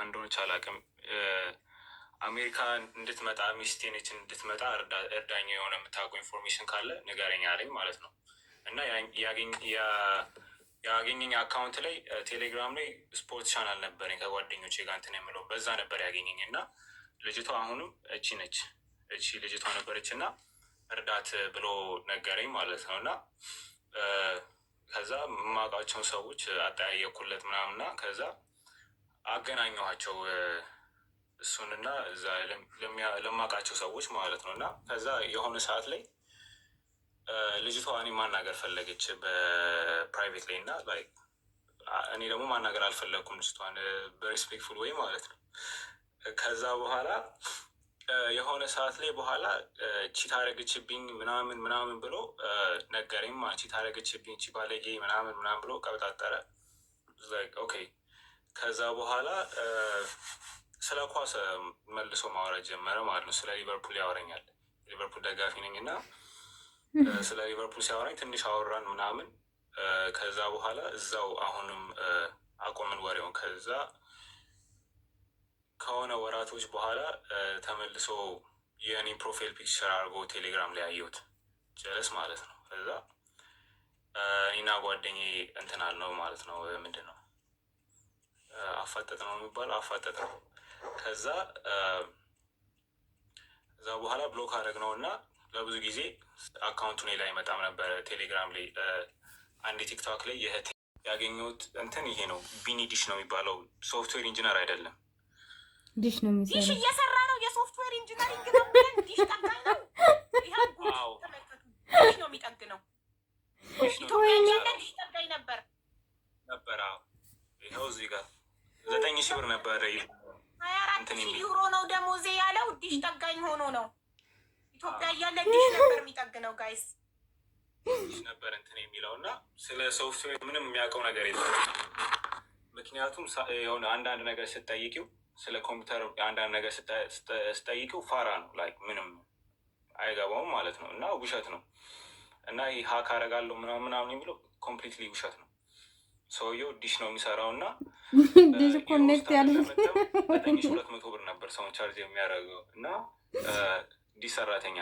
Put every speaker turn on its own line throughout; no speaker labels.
ማን እንደሆነች አላውቅም። አሜሪካ እንድትመጣ ሚስቴ ነች እንድትመጣ እርዳኛ የሆነ የምታውቀው ኢንፎርሜሽን ካለ ንገረኝ አለኝ ማለት ነው። እና ያገኘኝ አካውንት ላይ ቴሌግራም ላይ ስፖርት ቻናል ነበረኝ ከጓደኞቼ ጋር እንትን የምለው በዛ ነበር ያገኘኝ። እና ልጅቷ አሁንም እቺ ነች እቺ ልጅቷ ነበረች እና እርዳት ብሎ ነገረኝ ማለት ነው። እና ከዛ የማውቃቸውን ሰዎች አጠያየኩለት ምናምና ከዛ አገናኘኋቸው እሱንና እዛ ለማውቃቸው ሰዎች ማለት ነው። እና ከዛ የሆነ ሰዓት ላይ ልጅቷ እኔ ማናገር ፈለገች በፕራይቬት ላይ እና እኔ ደግሞ ማናገር አልፈለግኩም ልጅቷን በሪስፔክትፉል ወይ ማለት ነው። ከዛ በኋላ የሆነ ሰዓት ላይ በኋላ ቺት አረገችብኝ ምናምን ምናምን ብሎ ነገረኝ። ቺት አረገችብኝ ቺ ባለጌ ምናምን ምናምን ብሎ ቀብጣጠረ ኦኬ ከዛ በኋላ ስለ ኳስ መልሶ ማውራት ጀመረ ማለት ነው። ስለ ሊቨርፑል ያወረኛል። ሊቨርፑል ደጋፊ ነኝ እና ስለ ሊቨርፑል ሲያወራኝ ትንሽ አወራን ምናምን። ከዛ በኋላ እዛው አሁንም አቆምን ወሬውን። ከዛ ከሆነ ወራቶች በኋላ ተመልሶ የእኔ ፕሮፋይል ፒክቸር አድርጎ ቴሌግራም ላይ አየሁት፣ ጀለስ ማለት ነው። ከዛ እኔና ጓደኛዬ እንትናል ነው ማለት ነው ምንድን ነው አፋጠጥ ነው የሚባል አፋጠጥ ነው። ከዛ እዛ በኋላ ብሎክ አድረግ ነው እና ለብዙ ጊዜ አካውንቱ ላይ አይመጣም ነበረ ቴሌግራም ላይ አንድ ቲክቶክ ላይ ይህ ያገኘሁት እንትን ይሄ ነው። ቢኒ ዲሽ ነው የሚባለው ሶፍትዌር ኢንጂነር አይደለም
ዲሽ ነው ዲሽ
እየሰራ ነው። የሶፍትዌር ኢንጂነሪንግ ነው ዲሽ ጠጋኝ ነው ነው የሚጠግ ነው ኢትዮጵያ ዲሽ ጠጋኝ ነበር
ነበር ይኸው እዚህ ጋር ዘጠኝ ሺህ ብር ነበረ።
ሀያ አራት ሺህ ዩሮ ነው ደሞዜ ያለው። ዲሽ ጠጋኝ ሆኖ ነው ኢትዮጵያ እያለ ዲሽ ነበር የሚጠግነው ጋይስ
ነበር እንትን የሚለው እና ስለ ሶፍትዌር ምንም የሚያውቀው ነገር የለም። ምክንያቱም የሆነ አንዳንድ ነገር ስጠይቂው ስለ ኮምፒውተር አንዳንድ ነገር ስጠይቂው ፋራ ነው ላይ ምንም አይገባውም ማለት ነው እና ውሸት ነው እና ይህ ሀክ ምናምን ምናምን የሚለው ኮምፕሊትሊ ውሸት ነው። ሰውየው ዲሽ ነው የሚሰራው እና
ዲሽ ኮኔክት
ሁለት መቶ ብር ነበር ሰውን ቻርጅ የሚያደርገው እና ዲሽ ሰራተኛ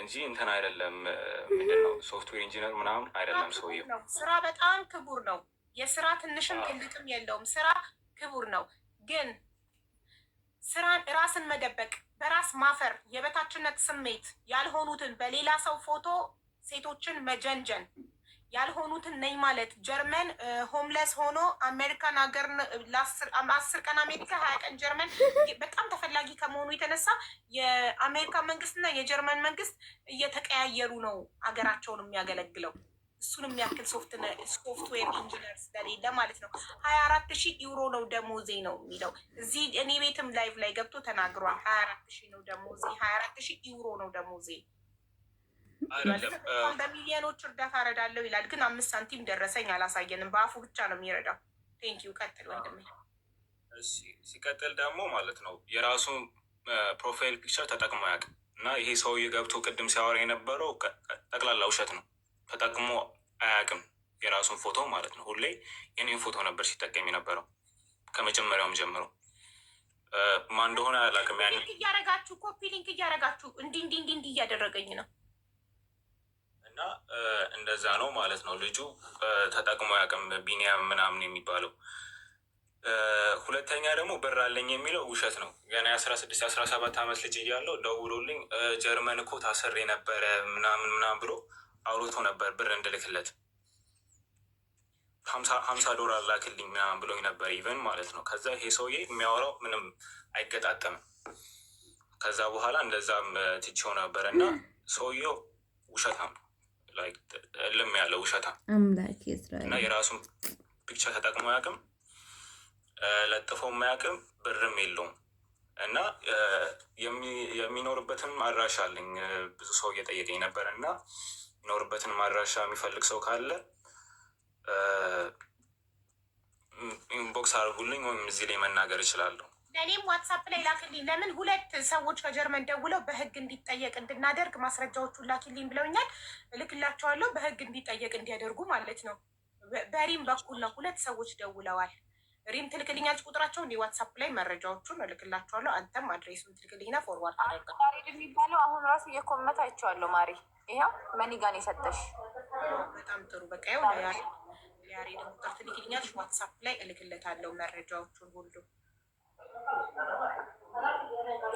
እንጂ እንትን አይደለም። ምንድን ነው ሶፍትዌር ኢንጂነር ምናምን አይደለም። ሰውየው
ስራ በጣም ክቡር ነው። የስራ ትንሽም ትልቅም የለውም። ስራ ክቡር ነው። ግን ስራን ራስን መደበቅ፣ በራስ ማፈር፣ የበታችነት ስሜት ያልሆኑትን በሌላ ሰው ፎቶ ሴቶችን መጀንጀን ያልሆኑትን ነኝ ማለት ጀርመን ሆምለስ ሆኖ አሜሪካን ሀገር አስር ቀን አሜሪካ ሀያ ቀን ጀርመን በጣም ተፈላጊ ከመሆኑ የተነሳ የአሜሪካ መንግስትና የጀርመን መንግስት እየተቀያየሩ ነው ሀገራቸውን የሚያገለግለው። እሱን የሚያክል ሶፍትዌር ኢንጂነር ስለሌለ ማለት ነው። ሀያ አራት ሺህ ዩሮ ነው ደሞዜ ነው የሚለው እዚህ እኔ ቤትም ላይቭ ላይ ገብቶ ተናግሯል። ሀያ አራት ሺህ ነው ደሞዜ፣ ሀያ አራት ሺህ ዩሮ ነው ደሞዜ በሚሊዮኖች እርዳታ እረዳለሁ ይላል፣ ግን አምስት ሳንቲም ደረሰኝ አላሳየንም። በአፉ ብቻ ነው የሚረዳው። ቴንኪው ቀጥል ወንድሜ።
ሲቀጥል ደግሞ ማለት ነው የራሱ ፕሮፋይል ፒክቸር ተጠቅሞ አያውቅም እና ይሄ ሰውዬ ገብቶ ቅድም ሲያወራ የነበረው ጠቅላላ ውሸት ነው። ተጠቅሞ አያውቅም የራሱን ፎቶ ማለት ነው። ሁሌ የኔን ፎቶ ነበር ሲጠቀም የነበረው ከመጀመሪያውም ጀምሮ ማን እንደሆነ አላውቅም።
ያን እያረጋችሁ ኮፒ ሊንክ እያረጋችሁ እንዲህ እንዲህ እንዲህ እያደረገኝ ነው
ለዛ ነው ማለት ነው ልጁ ተጠቅሞ ያቅም ቢኒያም ምናምን የሚባለው። ሁለተኛ ደግሞ ብር አለኝ የሚለው ውሸት ነው። ገና የአስራ ስድስት የአስራ ሰባት ዓመት ልጅ እያለው ደውሎልኝ ጀርመን እኮ ታስሬ ነበረ ምናምን ምናምን ብሎ አውሮቶ ነበር ብር እንድልክለት ሀምሳ ዶላር ላክልኝ ምናምን ብሎኝ ነበር ኢቨን ማለት ነው። ከዛ ይሄ ሰውዬ የሚያወራው ምንም አይገጣጠምም። ከዛ በኋላ እንደዛም ትቼው ነበር እና ሰውየው ውሸታም ነው። ልም ያለ ውሸታ እና የራሱን ፒክቸር ተጠቅሞ አያውቅም፣ ለጥፎ አያውቅም፣ ብርም የለውም እና የሚኖርበትን አድራሻ አለኝ። ብዙ ሰው እየጠየቀኝ ነበር እና የሚኖርበትን አድራሻ የሚፈልግ ሰው ካለ ኢንቦክስ አድርጉልኝ ወይም እዚህ ላይ መናገር እችላለሁ።
ለእኔም ዋትሳፕ ላይ ላክልኝ። ለምን ሁለት ሰዎች ከጀርመን ደውለው በህግ እንዲጠየቅ እንድናደርግ ማስረጃዎቹን ላክልኝ ብለውኛል። እልክላቸዋለሁ በህግ እንዲጠየቅ እንዲያደርጉ ማለት ነው። በሪም በኩል ነው ሁለት ሰዎች ደውለዋል። ሪም ትልክልኛለች ቁጥራቸው እንዲ ዋትሳፕ ላይ መረጃዎቹን እልክላቸዋለሁ። አንተም አድሬሱን ትልክልኝና ፎርዋርድ
አደርጋለሁ። የሚባለው አሁን ራሱ እየኮመት አይቼዋለሁ። ማሪ ይኸው መኒጋን የሰጠሽ
በጣም ጥሩ። በቃ ያው ያሬ ቁጥር ትልክልኛለች ዋትሳፕ ላይ እልክለታለሁ መረጃዎቹን ሁሉ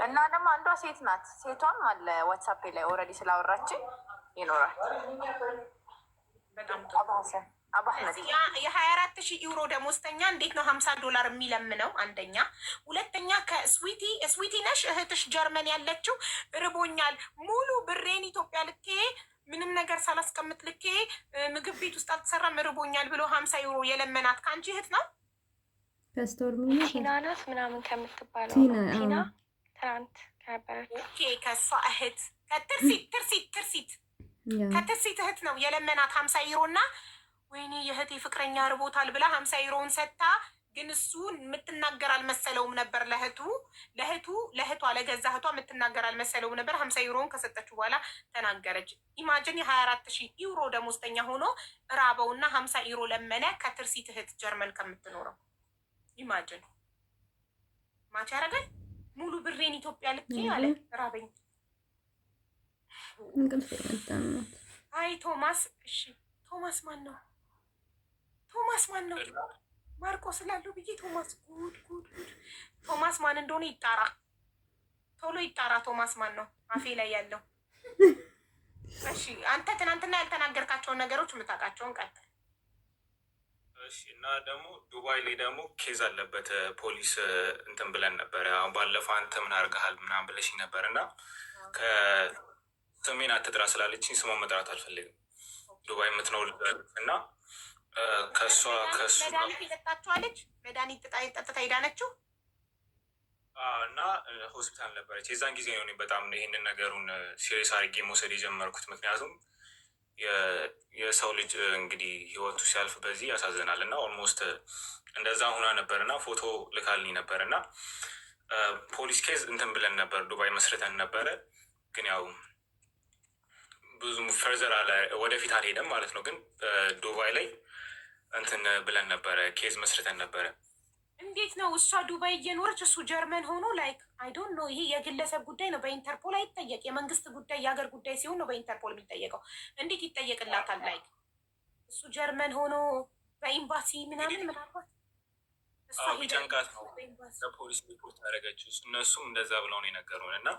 እና ደግሞ አንዷ ሴት ናት። ሴቷም አለ ዋትሳፕ ላይ ኦልሬዲ ስላወራችን ይኖራል።
የሀያ አራት ሺህ ዩሮ ደሞዝተኛ እንዴት ነው ሀምሳ ዶላር የሚለምነው? አንደኛ። ሁለተኛ ከስዊቲ ስዊቲ ነሽ እህትሽ ጀርመን ያለችው ርቦኛል፣ ሙሉ ብሬን ኢትዮጵያ ልኬ ምንም ነገር ሳላስቀምጥ ልኬ ምግብ ቤት ውስጥ አልተሰራም ርቦኛል ብሎ ሀምሳ ዩሮ የለመናት ከአንቺ እህት ነው።
ፓስቶር
ምን ቲና ናት ምናምን ከምትባለው ቲና ትናንት ከነበረች
ኦኬ፣ ከእሷ እህት ከትርሲት ትርሲት ትርሲት ከትርሲት እህት ነው የለመናት ሀምሳ ዩሮ እና ወይኔ የእህቴ ፍቅረኛ ርቦታል ብላ ሀምሳ ዩሮውን ሰጥታ ግን እሱ የምትናገር አልመሰለውም ነበር። ለእህቱ ለእህቱ ለእህቷ ለገዛ እህቷ የምትናገር አልመሰለውም ነበር። ሀምሳ ዩሮውን ከሰጠችው በኋላ ተናገረች። ኢማጅን የሀያ አራት ሺህ ዩሮ ደሞዝተኛ ሆኖ ራበውና ሀምሳ ዩሮ ለመነ ከትርሲት እህት ጀርመን ከምትኖረው ኢማጅን ማች ያደርጋል ሙሉ ብሬን ኢትዮጵያ ልክ አለ ራበኝ። አይ ቶማስ፣ እሺ ቶማስ ማን ነው? ቶማስ ማን ነው? ማርቆስ ስላለው ብዬ ቶማስ፣ ጉድ ጉድ ጉድ። ቶማስ ማን እንደሆነ ይጣራ፣ ቶሎ ይጣራ። ቶማስ ማን ነው? አፌ ላይ ያለው። እሺ አንተ ትናንትና ያልተናገርካቸውን ነገሮች የምታውቃቸውን ቀጥል
እሺ እና ደግሞ ዱባይ ላይ ደግሞ ኬዝ አለበት ፖሊስ እንትን ብለን ነበረ። አሁን ባለፈው አንተ ምን አርገሃል ምናምን ብለሽ ነበር እና ከሰሜን አትጥራ ስላለችኝ ስሟን መጥራት አልፈልግም። ዱባይ የምትኖር እና ከእሷ
ከሱ መድኃኒት የጠጣችኋለች መድኃኒት ጠጥታ ሄዳነችው
እና ሆስፒታል ነበረች። የዛን ጊዜ ነው በጣም ይህንን ነገሩን ሲሪየስ አድርጌ መውሰድ የጀመርኩት ምክንያቱም የሰው ልጅ እንግዲህ ህይወቱ ሲያልፍ በዚህ ያሳዝናል እና ኦልሞስት እንደዛ ሁና ነበር እና ፎቶ ልካልኝ ነበር እና ፖሊስ ኬዝ እንትን ብለን ነበር ዱባይ መስርተን ነበረ። ግን ያው ብዙም ፈርዘር አለ ወደፊት አልሄደም ማለት ነው። ግን ዱባይ ላይ እንትን ብለን ነበረ ኬዝ መስርተን ነበረ።
እንዴት ነው እሷ ዱባይ እየኖረች እሱ ጀርመን ሆኖ ላይክ አይ ዶንት ኖ። ይሄ የግለሰብ ጉዳይ ነው፣ በኢንተርፖል አይጠየቅ። የመንግስት ጉዳይ የሀገር ጉዳይ ሲሆን ነው በኢንተርፖል የሚጠየቀው። እንዴት ይጠየቅላታል? ላይክ እሱ ጀርመን ሆኖ በኤምባሲ ምናምን ምናባት
ጨንቃት ነው ለፖሊስ ሪፖርት ያደረገች እነሱም እንደዛ ብለው ነው የነገሩን እና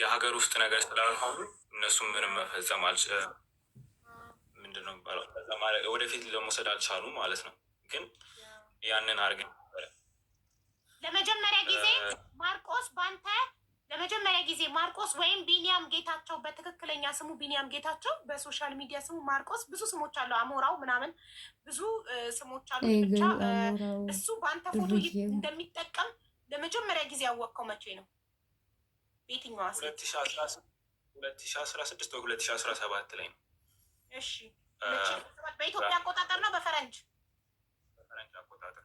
የሀገር ውስጥ ነገር ስላልሆኑ እነሱም ምንም መፈጸም አልች ምንድነው የሚባለው ወደፊት ለመውሰድ አልቻሉ ማለት ነው ግን ያንን አርገን
ለመጀመሪያ ጊዜ ማርቆስ ባንተ ለመጀመሪያ ጊዜ ማርቆስ ወይም ቢኒያም ጌታቸው በትክክለኛ ስሙ ቢኒያም ጌታቸው፣ በሶሻል ሚዲያ ስሙ ማርቆስ። ብዙ ስሞች አሉ፣ አሞራው ምናምን ብዙ ስሞች አሉ። ብቻ እሱ በአንተ ፎቶ እንደሚጠቀም ለመጀመሪያ ጊዜ ያወቅከው መቼ ነው? በየትኛዋ ሴት?
ሁለት ሺህ አስራ ስድስት ወይ ሁለት ሺህ አስራ ሰባት ላይ ነው። እሺ በኢትዮጵያ አቆጣጠር ነው በፈረንጅ በፈረንጅ አቆጣጠር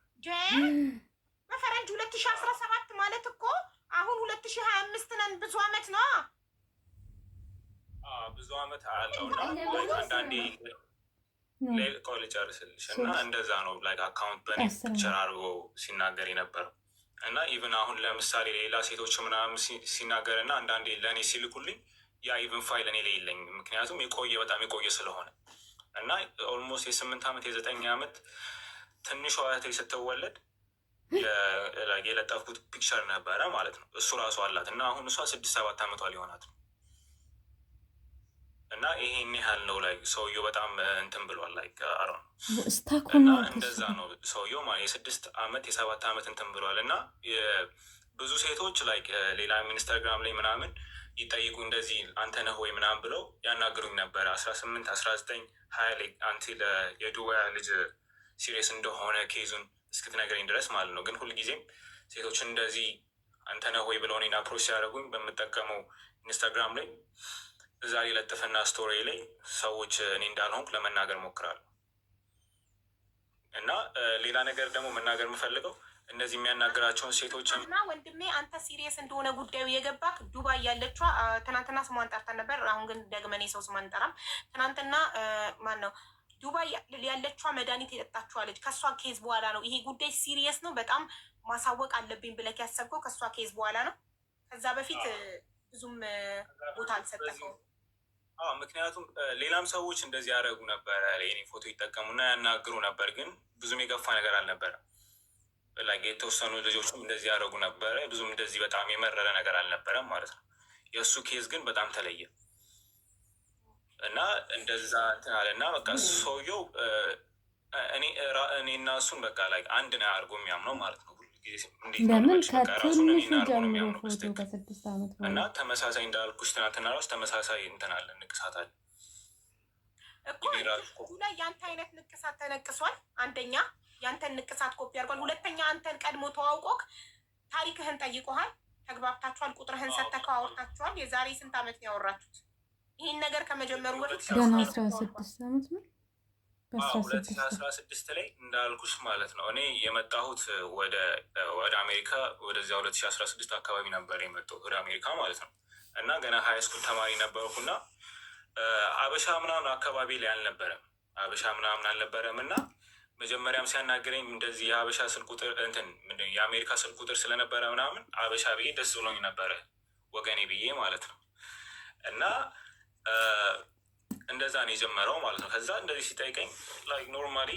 በፈረንጅ ሁለት አስራ ሰባት ማለት እኮ አሁን ሁለት ሺህ ሀያ አምስት ነን። ብዙ አመት ነው ብዙ አመት አለው። አንዳንዴ ቆይ ልጨርስልሽ እና እንደዛ ነው ላይ አካውንት ፒክቸር አድርጎ ሲናገር የነበረው እና ኢቨን አሁን ለምሳሌ ሌላ ሴቶች ምናምን ሲናገር እና አንዳንዴ ለእኔ ሲልኩልኝ ያ ኢቨን ፋይል እኔ ላይ ምክንያቱም የቆየ በጣም የቆየ ስለሆነ እና ኦልሞስት የስምንት ዓመት የዘጠኝ ዓመት ትንሿ እህቴ ስትወለድ የለጠፍኩት ፒክቸር ነበረ ማለት ነው። እሱ ራሱ አላት እና አሁን እሷ ስድስት ሰባት አመቷ ሊሆናት ነው እና ይሄን ያህል ነው ላይ ሰውየው በጣም እንትን ብሏል። ላይ አረ uh, እና እንደዛ ነው ሰውየው የስድስት አመት የሰባት አመት እንትን ብሏል እና ብዙ ሴቶች ላይ uh, ሌላ ኢንስታግራም ላይ ምናምን ይጠይቁ እንደዚህ አንተ ነህ ወይ ምናምን ብለው ያናግሩኝ ነበረ። አስራ ስምንት አስራ ዘጠኝ ሀያ ላይ አንቲ የዱባይ ልጅ ሲሪየስ እንደሆነ ኬዙን እስክትነግረኝ ድረስ ማለት ነው። ግን ሁልጊዜም ሴቶች እንደዚህ አንተ ነህ ወይ ብለው እኔን አፕሮች ሲያደርጉኝ በምጠቀመው ኢንስታግራም ላይ እዛ የለጥፍና ስቶሪ ላይ ሰዎች እኔ እንዳልሆንኩ ለመናገር ሞክራለሁ። እና ሌላ ነገር ደግሞ መናገር የምፈልገው እነዚህ የሚያናገራቸውን ሴቶች እና ወንድሜ አንተ ሲሪየስ እንደሆነ ጉዳዩ የገባክ ዱባይ ያለችዋ ትናንትና ስሟን ጠርተን ነበር። አሁን ግን ደግመን የሰው ስም አንጠራም። ትናንትና ማን ነው ዱባይ ያለችዋ መድኃኒት የጠጣችኋለች ከእሷ ኬዝ በኋላ ነው። ይሄ ጉዳይ ሲሪየስ ነው፣ በጣም ማሳወቅ አለብኝ ብለህ ያሰብከው ከእሷ ኬዝ በኋላ ነው። ከዛ በፊት ብዙም ቦታ አልሰጠከው። ምክንያቱም ሌላም ሰዎች እንደዚህ ያደረጉ ነበረ። የኔ ፎቶ ይጠቀሙና ያናግሩ ነበር፣ ግን ብዙም የገፋ ነገር አልነበረም። ላይክ የተወሰኑ ልጆችም እንደዚህ ያደረጉ ነበረ። ብዙም እንደዚህ በጣም የመረረ ነገር አልነበረም ማለት ነው። የእሱ ኬዝ ግን በጣም ተለየ። እና እንደዛ እንትን አለ እና በቃ ሰውየው እኔና እሱን በቃ ላይ አንድ ነው አድርጎ የሚያምነው ማለት ነው። ለምን ከትንሹ ጀምሮ ፎቶ ከስድስት ዓመት እና ተመሳሳይ እንዳልኩሽ ትናንትና እራሱ ተመሳሳይ እንትን አለ ንቅሳታል ላይ የአንተ አይነት ንቅሳት ተነቅሷል። አንደኛ የአንተን ንቅሳት ኮፒ አድርጓል። ሁለተኛ አንተን ቀድሞ ተዋውቆክ ታሪክህን ጠይቆሃል። ተግባብታችኋል። ቁጥርህን ሰተከው አውርታችኋል። የዛሬ ስንት ዓመት ነው ያወራችሁት? ይህን ነገር ከመጀመሩ በፊት ገና አስራ ስድስት ነው። ሁለት ሺህ አስራ ስድስት ላይ እንዳልኩሽ ማለት ነው። እኔ የመጣሁት ወደ አሜሪካ ወደዚያ ሁለት ሺህ አስራ ስድስት አካባቢ ነበር የመጣሁት ወደ አሜሪካ ማለት ነው። እና ገና ሀይ ስኩል ተማሪ ነበርኩና አበሻ ምናምን አካባቢ ላይ አልነበረም። አበሻ ምናምን አልነበረም እና መጀመሪያም ሲያናገረኝ እንደዚህ የአበሻ ስልክ ቁጥር እንትን የአሜሪካ ስልክ ቁጥር ስለነበረ ምናምን አበሻ ብዬ ደስ ብሎኝ ነበረ፣ ወገኔ ብዬ ማለት ነው እና እንደዛ ነው የጀመረው ማለት ነው። ከዛ እንደዚህ ሲጠይቀኝ ላይ ኖርማሊ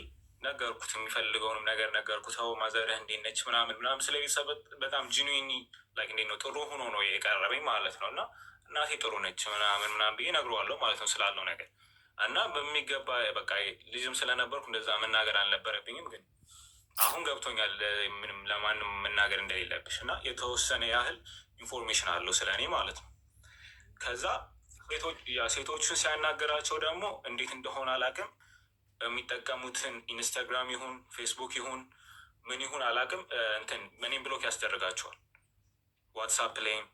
ነገርኩት፣ የሚፈልገውንም ነገር ነገርኩት። ሰው ማዘርህ እንዴት ነች ምናምን ምናምን ስለ ቤተሰብ በጣም ጂኒኒ ላይ እንዴት ነው ጥሩ ሆኖ ነው የቀረበኝ ማለት ነው። እና እናቴ ጥሩ ነች ምናምን ምናምን ብዬ እነግረዋለሁ ማለት ነው ስላለው ነገር እና በሚገባ በቃ ልጅም ስለነበርኩ እንደዛ መናገር አልነበረብኝም፣ ግን አሁን ገብቶኛል ምንም ለማንም መናገር እንደሌለብሽ እና የተወሰነ ያህል ኢንፎርሜሽን አለው ስለ እኔ ማለት ነው ከዛ ሴቶቹን ሲያናገራቸው ደግሞ እንዴት እንደሆነ አላቅም የሚጠቀሙትን ኢንስታግራም ይሁን ፌስቡክ ይሁን ምን ይሁን አላቅም እንትን እኔን ብሎክ ያስደርጋቸዋል። ዋትሳፕ ላይም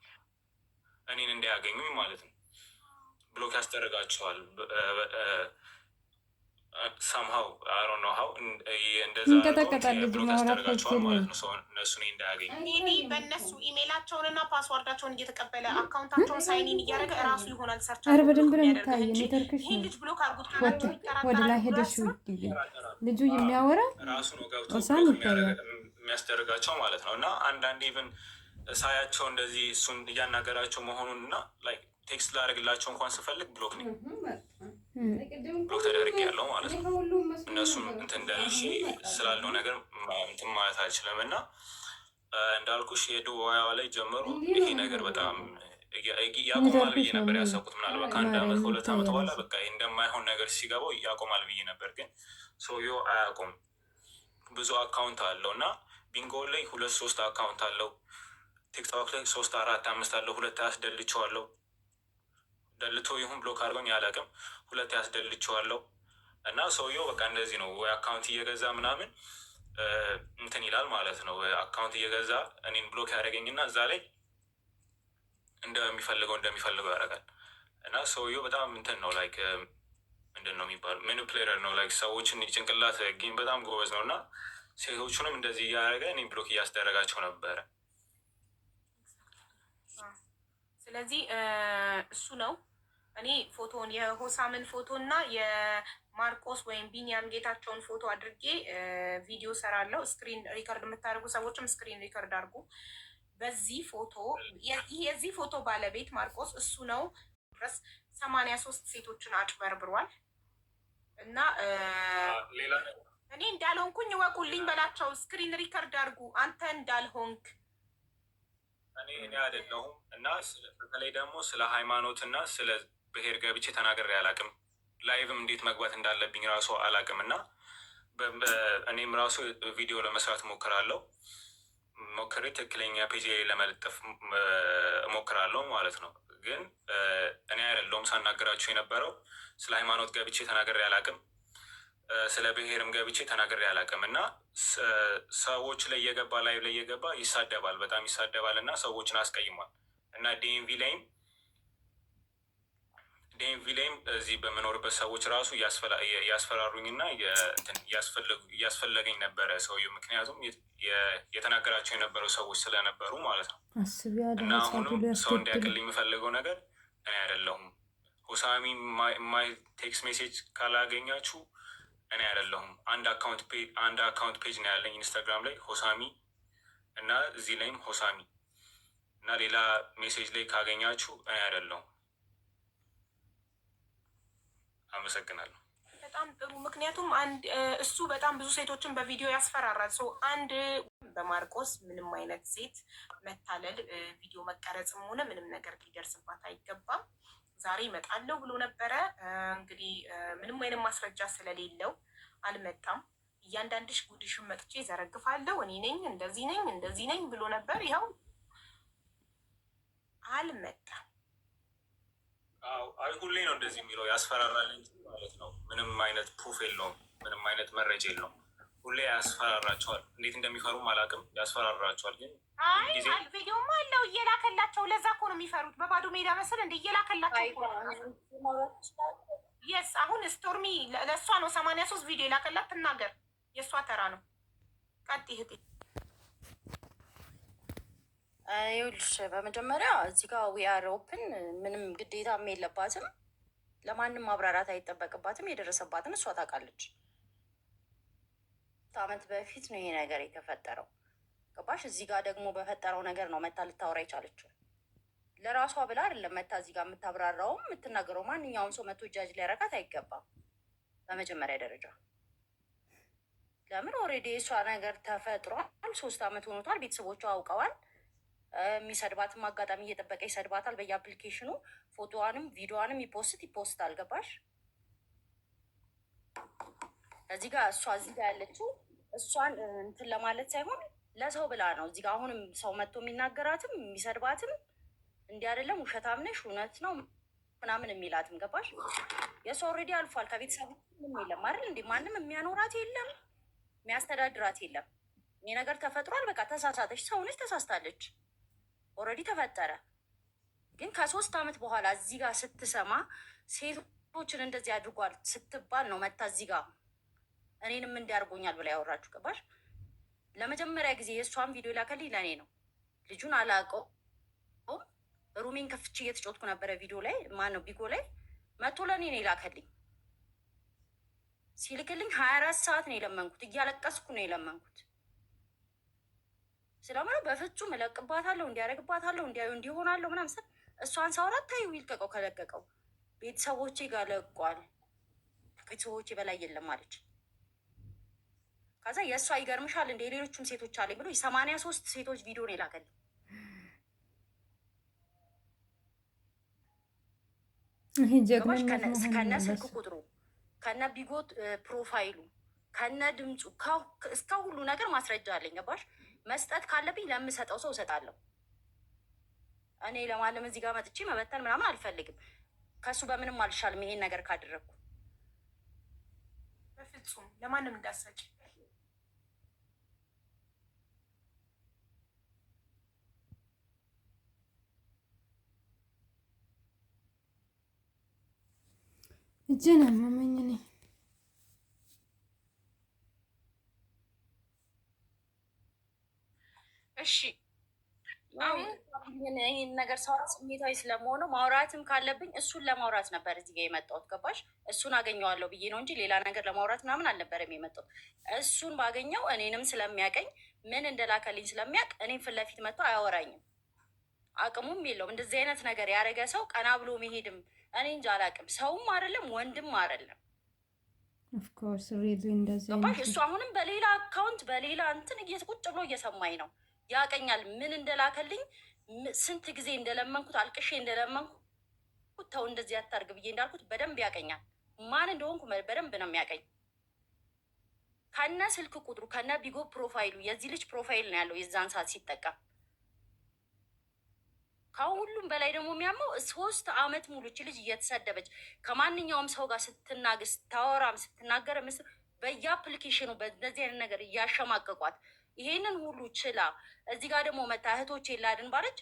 እኔን እንዳያገኙኝ ማለት ነው ብሎክ ያስደርጋቸዋል። ሰምሀው eh, አሮ ነው ሀው እንደዛንቀጠቀጣል ልጅ ማውራት እንዳያገኝ ሜቢ በእነሱ ኢሜይላቸውን ፓስዋርዳቸውን እየተቀበለ አካውንታቸውን ሳይኒን እያደረገ እራሱ ይሆናል ሰርቻ አር በደንብ ነው የምታየው ኔትወርክሽ ወደ ላይ ሄደሽ ልጁ የሚያወራ ራሱ ነው ገብቶ የሚያስደርጋቸው ማለት ነው እና አንዳንድ ኢቨን ሳያቸው እንደዚህ እሱን እያናገራቸው መሆኑን እና ቴክስት ላደርግላቸው እንኳን ስፈልግ ብሎክ ነኝ ብሎክ ተደርግ ያለው ማለት ነው። እነሱም እንትን እንዳልሽ ስላለው ነገር እንትን ማለት አልችልም እና እንዳልኩሽ የዱባዋ ላይ ጀመሩ። ይሄ ነገር በጣም ያቆማል ብዬ ነበር ያሰብኩት። ምናልባት ከአንድ ዓመት ከሁለት ዓመት በኋላ በቃ እንደማይሆን ነገር ሲገባው ያቆማል ብዬ ነበር፣ ግን ሰውየው አያቆም። ብዙ አካውንት አለው እና ቢንጎ ላይ ሁለት ሶስት አካውንት አለው። ቲክቶክ ላይ ሶስት አራት አምስት አለው። ሁለት አስደልቸዋለው ደልቶ ይሁን ብሎክ አድርገኝ አላውቅም። ሁለት ያስደልቸዋለሁ እና ሰውየው በቃ እንደዚህ ነው ወይ አካውንት እየገዛ ምናምን እንትን ይላል ማለት ነው። አካውንት እየገዛ እኔን ብሎክ ያደረገኝና እዛ ላይ እንደሚፈልገው እንደሚፈልገው ያደርጋል እና ሰውየው በጣም እንትን ነው ላይክ ምንድን ነው የሚባለው ሜኒፕሌተር ነው ላይክ ሰዎችን ጭንቅላት ጌም በጣም ጎበዝ ነው እና ሴቶቹንም እንደዚህ እያደረገ እኔ ብሎክ እያስደረጋቸው ነበረ። ስለዚህ እሱ ነው እኔ ፎቶን የሆሳምን ፎቶ እና የማርቆስ ወይም ቢኒያም ጌታቸውን ፎቶ አድርጌ ቪዲዮ ሰራለው። ስክሪን ሪከርድ የምታደርጉ ሰዎችም ስክሪን ሪከርድ አድርጉ። በዚህ ፎቶ የዚህ ፎቶ ባለቤት ማርቆስ እሱ ነው። ድረስ ሰማንያ ሶስት ሴቶችን አጭበርብሯል እና እኔ እንዳልሆንኩኝ ወቁልኝ በላቸው። ስክሪን ሪከርድ አድርጉ። አንተ እንዳልሆንክ እኔ እኔ አይደለሁም እና በተለይ ደግሞ ስለ ሃይማኖትና ስለ ብሄር ገብቼ ተናግሬ አላቅም። ላይቭም እንዴት መግባት እንዳለብኝ ራሱ አላቅም እና እኔም ራሱ ቪዲዮ ለመስራት ሞክራለው ሞክሬ ትክክለኛ ፔጅ ለመለጠፍ ሞክራለው ማለት ነው። ግን እኔ አይደለውም ሳናገራችሁ የነበረው ስለ ሃይማኖት ገብቼ ተናግሬ አላቅም። ስለ ብሄርም ገብቼ ተናግሬ አላቅም እና ሰዎች ላይ እየገባ ላይቭ ላይ እየገባ ይሳደባል፣ በጣም ይሳደባል እና ሰዎችን አስቀይሟል እና ዲኤምቪ ላይም ዴንቪሌም እዚህ በመኖርበት ሰዎች ራሱ ያስፈራሩኝና እያስፈለገኝ ነበረ ሰውዬው። ምክንያቱም የተናገራቸው የነበሩ ሰዎች ስለነበሩ ማለት ነው። እና አሁንም ሰው እንዲያቅልኝ የምፈልገው ነገር እኔ አይደለሁም ሆሳሚ ማይ ቴክስት ሜሴጅ ካላገኛችሁ እኔ አይደለሁም። አንድ አካውንት ፔጅ ነው ያለኝ ኢንስታግራም ላይ ሆሳሚ እና እዚህ ላይም ሆሳሚ እና ሌላ ሜሴጅ ላይ ካገኛችሁ እኔ አይደለሁም። አመሰግናለሁ። በጣም ጥሩ። ምክንያቱም አንድ እሱ በጣም ብዙ ሴቶችን በቪዲዮ ያስፈራራል። ሰው አንድ በማርቆስ ምንም አይነት ሴት መታለል ቪዲዮ መቀረጽም ሆነ ምንም ነገር ሊደርስባት አይገባም። ዛሬ ይመጣለው ብሎ ነበረ። እንግዲህ ምንም አይነት ማስረጃ ስለሌለው አልመጣም። እያንዳንድሽ ጉድሽን መጥቼ ዘረግፋለሁ፣ እኔ ነኝ እንደዚህ ነኝ እንደዚህ ነኝ ብሎ ነበር። ይኸው አልመጣም። አይ ሁሌ ነው እንደዚህ የሚለው ያስፈራራል እንጂ ማለት ነው። ምንም አይነት ፕሩፍ የለውም፣ ምንም አይነት መረጃ የለውም። ሁሌ ያስፈራራቸዋል። እንዴት እንደሚፈሩም አላውቅም። ያስፈራራቸዋል ግን ቪዲዮማ አለው እየላከላቸው። ለዛ እኮ ነው የሚፈሩት። በባዶ ሜዳ መሰል እንደ እየላከላቸው የስ አሁን ስቶርሚ ለእሷ ነው ሰማንያ ሶስት ቪዲዮ የላከላት። ትናገር፣ የእሷ ተራ ነው። ቀጥ ይኸውልሽ በመጀመሪያ እዚህ ጋር ዊአር ኦፕን ምንም ግዴታም የለባትም። ለማንም ማብራራት አይጠበቅባትም። የደረሰባትን እሷ ታውቃለች። አመት በፊት ነው ይሄ ነገር የተፈጠረው። ገባሽ? እዚህ ጋር ደግሞ በፈጠረው ነገር ነው መታ ልታወራ የቻለችው። ለራሷ ብላ አይደለም መታ እዚህ ጋር የምታብራራውም የምትናገረው። ማንኛውም ሰው መቶ ጃጅ ሊያረጋት አይገባም። በመጀመሪያ ደረጃ ለምን ኦልሬዲ እሷ ነገር ተፈጥሯል። ሶስት አመት ሆኖቷል። ቤተሰቦቿ አውቀዋል። የሚሰድባትም አጋጣሚ እየጠበቀ ይሰድባታል። በየአፕሊኬሽኑ ፎቶዋንም ቪዲዮዋንም ይፖስት ይፖስት አልገባሽ እዚህ ጋር እሷ እዚህ ጋር ያለችው እሷን እንትን ለማለት ሳይሆን ለሰው ብላ ነው። እዚህ ጋር አሁንም ሰው መጥቶ የሚናገራትም የሚሰድባትም እንዲህ አይደለም ውሸታም ነሽ እውነት ነው ምናምን የሚላትም ገባሽ። የሰው ኦልሬዲ አልፏል። ከቤተሰብ ምንም የለም አይደል እንዴ? ማንም የሚያኖራት የለም የሚያስተዳድራት የለም። ይህ ነገር ተፈጥሯል። በቃ ተሳሳተች። ሰው ነች፣ ተሳስታለች። ኦልሬዲ ተፈጠረ። ግን ከሶስት አመት በኋላ እዚህ ጋር ስትሰማ ሴቶችን እንደዚህ አድርጓል ስትባል ነው መታ እዚህ ጋር እኔንም እንዲያርጎኛል ብላ ያወራችሁ። ገባሽ? ለመጀመሪያ ጊዜ የእሷን ቪዲዮ ላከልኝ ለእኔ ነው። ልጁን አላውቀው ሩሜን ከፍቼ እየተጫወትኩ ነበረ ቪዲዮ ላይ ማን ነው ቢጎ ላይ መቶ ለእኔ ነው የላከልኝ። ሲልክልኝ ሀያ አራት ሰዓት ነው የለመንኩት፣ እያለቀስኩ ነው የለመንኩት። ስለሆነ በፍጹም እለቅባታለሁ፣ እንዲያደርግባታለሁ፣ እንዲያዩ እንዲሆናለሁ ምናምን ስል እሷን ሳውራት ታዩ ይልቀቀው፣ ከለቀቀው ቤተሰቦቼ ጋር ለቋል፣ ቤተሰቦቼ በላይ የለም አለች። ከዛ የእሷ ይገርምሻል እንደ ሌሎቹም ሴቶች አለኝ ብሎ የሰማንያ ሶስት ሴቶች ቪዲዮ ነው የላከልኝ። ከነ ስልክ ቁጥሩ ከነ ቢጎት ፕሮፋይሉ ከነ ድምፁ እስከ ሁሉ ነገር ማስረጃ አለኝ ገባሽ? መስጠት ካለብኝ ለምሰጠው ሰው እሰጣለሁ። እኔ ለማለም እዚህ ጋር መጥቼ መበተን ምናምን አልፈልግም። ከእሱ በምንም አልሻልም። ይሄን ነገር ካደረግኩ በፍጹም ለማንም እንዳሰጭ እጄን አመመኝ። እሺ ይህን ነገር ሰራ ስሜታዊ ስለመሆኑ ማውራትም ካለብኝ እሱን ለማውራት ነበር እዚህ ጋ የመጣሁት። ገባሽ? እሱን አገኘዋለሁ ብዬ ነው እንጂ ሌላ ነገር ለማውራት ምናምን አልነበረም የመጣሁት። እሱን ባገኘው እኔንም ስለሚያቀኝ ምን እንደላከልኝ ስለሚያውቅ እኔም ፊት ለፊት መጥቶ አያወራኝም፣ አቅሙም የለውም። እንደዚህ አይነት ነገር ያደረገ ሰው ቀና ብሎ መሄድም እኔ እንጂ አላቅም። ሰውም አይደለም ወንድም አይደለም። ኦፍኮርስ ሪሊ እንደዚህ ገባሽ? እሱ አሁንም በሌላ አካውንት በሌላ እንትን እየቁጭ ብሎ እየሰማኝ ነው ያቀኛል ምን እንደላከልኝ ስንት ጊዜ እንደለመንኩት አልቅሼ እንደለመንኩት ተው እንደዚህ ያታርግ ብዬ እንዳልኩት በደንብ ያቀኛል። ማን እንደሆንኩ በደንብ ነው የሚያቀኝ። ከነ ስልክ ቁጥሩ ከነ ቢጎ ፕሮፋይሉ የዚህ ልጅ ፕሮፋይል ነው ያለው የዛን ሰዓት ሲጠቀም። ከሁሉም በላይ ደግሞ የሚያመው ሶስት አመት ሙሉ እች ልጅ እየተሰደበች ከማንኛውም ሰው ጋር ስትናገር ስታወራም ስትናገር ምስል በየአፕሊኬሽኑ በእነዚህ አይነት ነገር እያሸማቀቋት ይሄንን ሁሉ ችላ እዚህ ጋር ደግሞ መታ እህቶቼ ላድን ባለች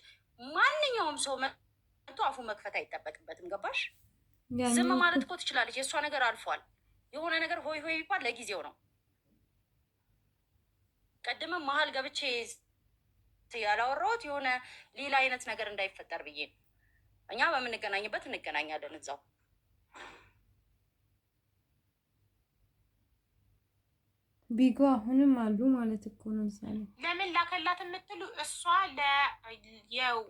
ማንኛውም ሰው መቶ አፉ መክፈት አይጠበቅበትም። ገባሽ? ዝም ማለት እኮ ትችላለች። የእሷ ነገር አልፏል። የሆነ ነገር ሆይ ሆይ ቢባል ለጊዜው ነው። ቀድምም መሀል ገብቼ ያላወራሁት የሆነ ሌላ አይነት ነገር እንዳይፈጠር ብዬ ነው እኛ በምንገናኝበት እንገናኛለን እዛው ቢጎ አሁንም አሉ ማለት እኮ ነው። ምሳሌ ለምን ላከላት የምትሉ እሷ ለዊ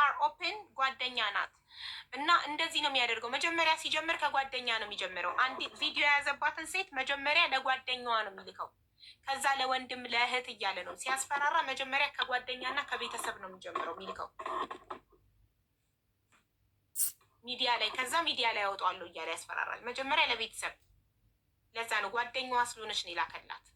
አር ኦፕን ጓደኛ ናት እና እንደዚህ ነው የሚያደርገው። መጀመሪያ ሲጀምር ከጓደኛ ነው የሚጀምረው። አንድ ቪዲዮ የያዘባትን ሴት መጀመሪያ ለጓደኛዋ ነው የሚልከው። ከዛ ለወንድም ለእህት እያለ ነው ሲያስፈራራ። መጀመሪያ ከጓደኛና ከቤተሰብ ነው የሚጀምረው የሚልከው ሚዲያ ላይ፣ ከዛ ሚዲያ ላይ ያወጣዋለሁ እያለ ያስፈራራል። መጀመሪያ ለቤተሰብ ለዛ ነው ጓደኛዋ ስለሆነች ነው የላከላት።